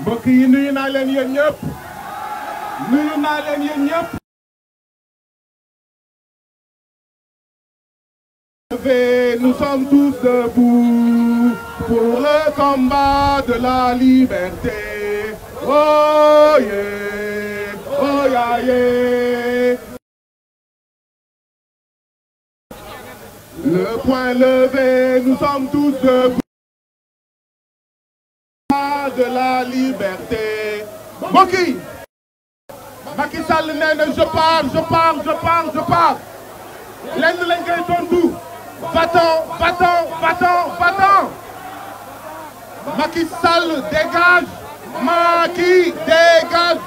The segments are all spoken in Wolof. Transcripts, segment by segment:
mbokk yi nuyu naa leen yéen ñëpp nuyu naa leen pour le combat de la liberté oh yeah oh le poing levé nous sommes tous debout de la liberté mbokk yi Macky Sall je pars je pars je pars je pars lenn lañ koy tontu va-t'en va-t'en va-t'en va-t'en Macky Sall dégage Macky dégage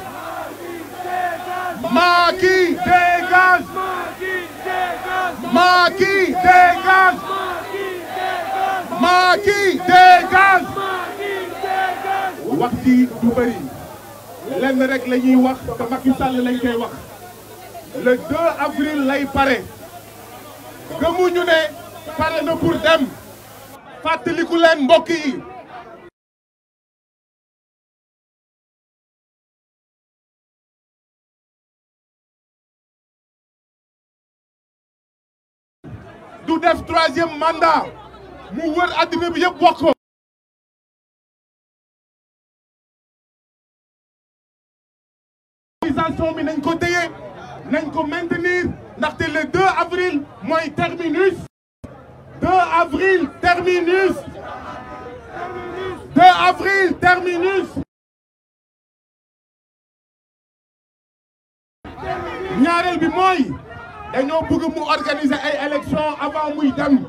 Macky dégage wax ji du bëri lenn rek la ñuy wax te Macky Sall lañ koy wax le 2 avril lay pare gëmuñu ne pare na dem fàttaliku leen du def troisième mandat mu wër àddina bi yëpp wax nañ ko maintenir le 2 mooy terminus 2 avril terminus 2 avril terminus bi mooy dañoo bëgg mu organiser ay élections avant muy dem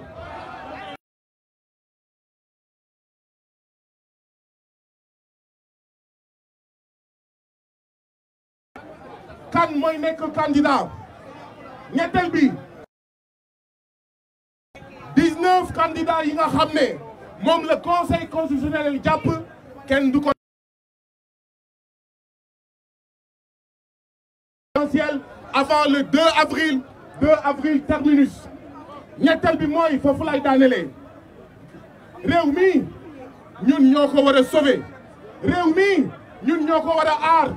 kan mooy nekk candidat ñetteel bi 19 candidats yi nga xam ne moom la conseil constitutionnel jàpp kenn du ko présidentielle avant le 2 avril 2 avril terminus ñetteel bi mooy foofu lay daanelee réew mi ñun ñoo ko war a sauver réew mi ñun ñoo ko war a ar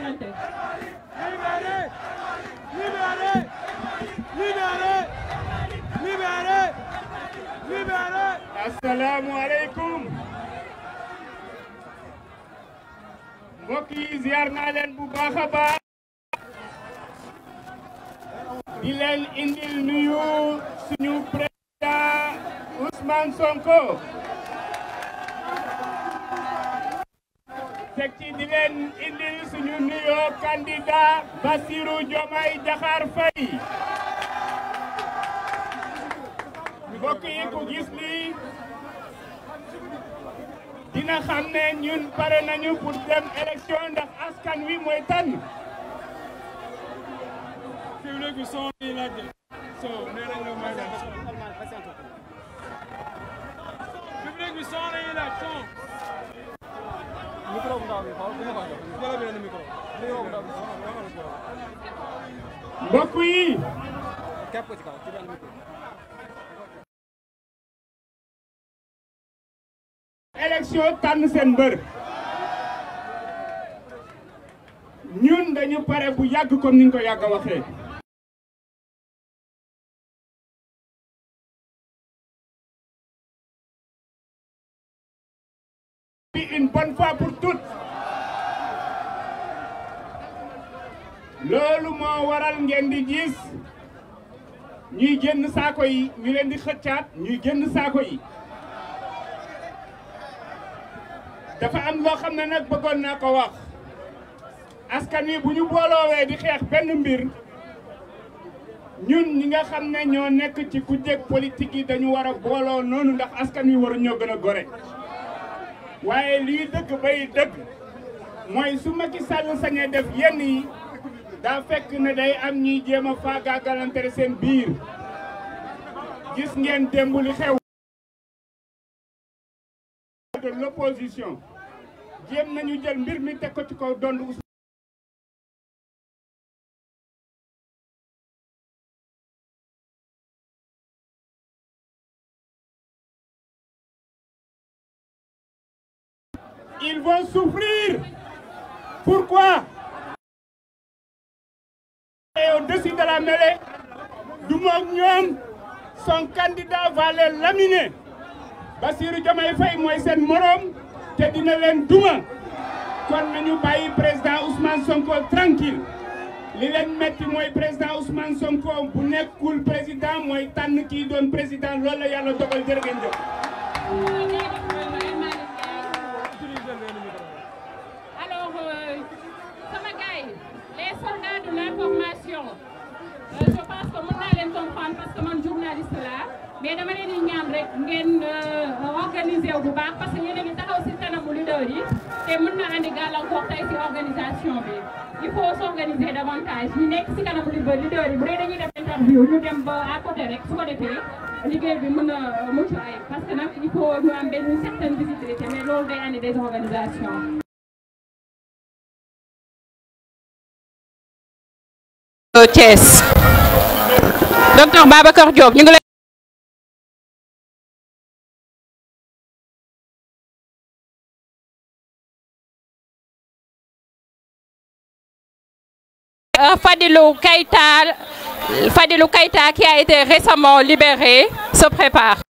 Kalante. Libéré Libéré Libéré Libéré Libéré asalaamu aleykum mbokk yi ziar naa leen bu baax a baax di leen indil nuyu suñu président Ousmane Sonko teg ci di leen suñu nuyoo candidat Bassirou Diomaye Diakhar Faye mbokk yi ku gis lii dina xam ne ñun pare nañu pour dem élection ndax askan wi mooy tànn micro bu ndaw bi xool bu ñu ñu ndaw bi mbokk yi képp ko ci kaw ci seen mbër ñun dañu pare bu yàgg comme ni ko yàgg waxee une bonne fois pour toutes loolu moo waral ngeen di gis ñuy génn saako yi ñu leen di xëccaat ñuy génn saako yi dafa am loo xam ne nag bëggoon naa ko wax askan wi bu ñu booloowee di xeex benn mbir ñun ñi nga xam ne ñoo nekk ci kujje politique yi dañu war a booloo noonu ndax askan wi waru ñoo gën a gore waaye lii dëgg bay dëgg mooy su Macky Sall sañee def yenn yi daa fekk ne day am ñuy jéem a faagaagalante seen biir gis ngeen démb li xew de nañu jël mbir mi teg ko ils vont souffrir. Pourquoi Et au-dessus de la mêlée, Doumognom, son candidat va les laminer. Bassirou Diomaye Faye mooy seen morom te dina leen duma kon nañu bàyyi président Ousmane Sonko tranquille li leen metti mooy président Ousmane Sonko bu nekkul président mooy tànn kii doon président loolu la yàlla dogal jërë journaliste la mais dama leen di ñaan rek ngeen euh, organiser bu baax parce que yéen a ngi taxaw si kanamu leader yi te mën na andi gàllankoor tey si organisation bi il faut s'organiser davantage ñu nekk ci kanamu leader yi bu dee dañuy def interview ñu dem ba à rek su ko defee liggéey bi mën a euh, mucc ay parce que nag il faut ñu am benn certaine visibilité mais loolu day andi des organisations. Euh, docteur Babacar Diop ñu ngi lay. Euh, Fadilou Keita, Fadilou qui a été récemment libéré se prépare.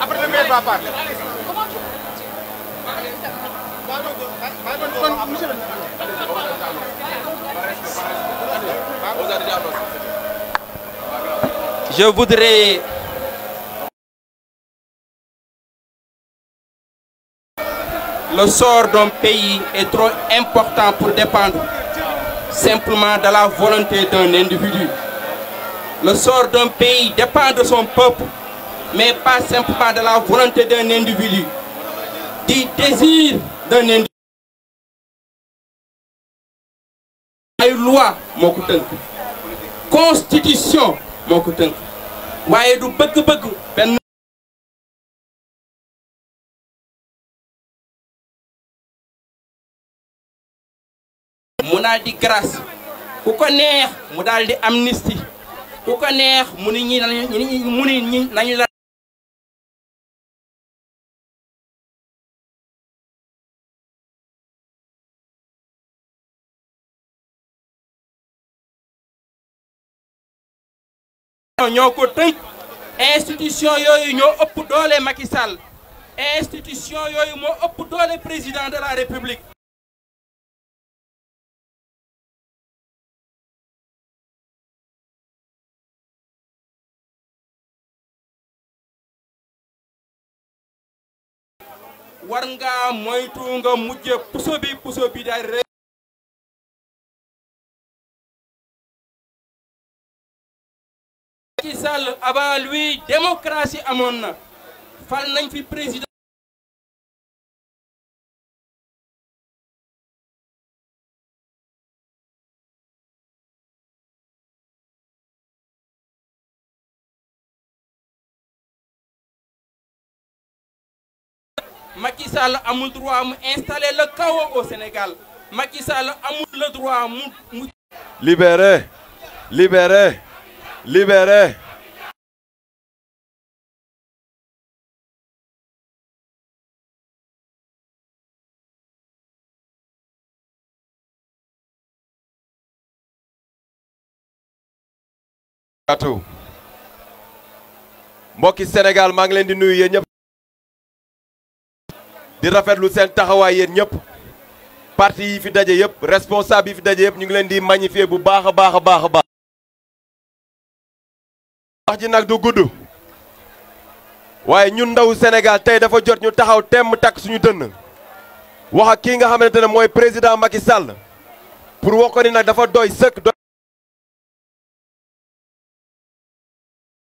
après le Je voudrais Le sort d'un pays est trop important pour dépendre simplement de la volonté d'un individu. Le sort d'un pays dépend de son peuple. mais pas simplement de volonté d'un individu, du désir d'un individu. moo ko tënk constitution moo ko tënk waaye du bëgg-bëgg benn mu daal di grâce ku ko neex mu daal di amnistie ku ko neex mu ni ñi nañu la ñoo ko tëj institution yooyu ñoo ëpp doole Macky Sall institution yooyu moo ëpp doole président de la République war moytu nga mujje puso bi puso bi day Macky Sall avant lui démocratie amoon na fal nañ fi président Macky Sall amul droit mu installer le chaos au Sénégal Macky Sall amul droit mu mu libéré libéré gàttu mbokki Sénégal maa ngi leen di nuyu yéen ñëpp di rafetlu seen taxawaay yéen ñëpp parti yi fi daje yëpp responsable yi fi daje yëpp ñu ngi leen di magnifier bu baax a baax a baax a baax wax ji nag du gudd waaye ñun ndaw Sénégal tey dafa jot ñu taxaw temm takk suñu dënn wax ak kii nga xamante ne mooy président Macky Sall pour wax ko nag dafa doy sëkk.